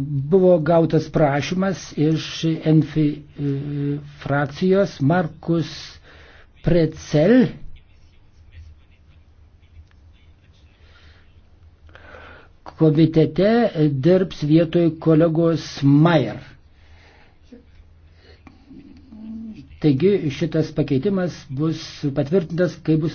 buvo gautas prašymas iš Enfi e, frakcijos Markus Precel. Komitete dirbs vietoj kolegos Mayer. Taigi šitas pakeitimas bus patvirtintas, kai bus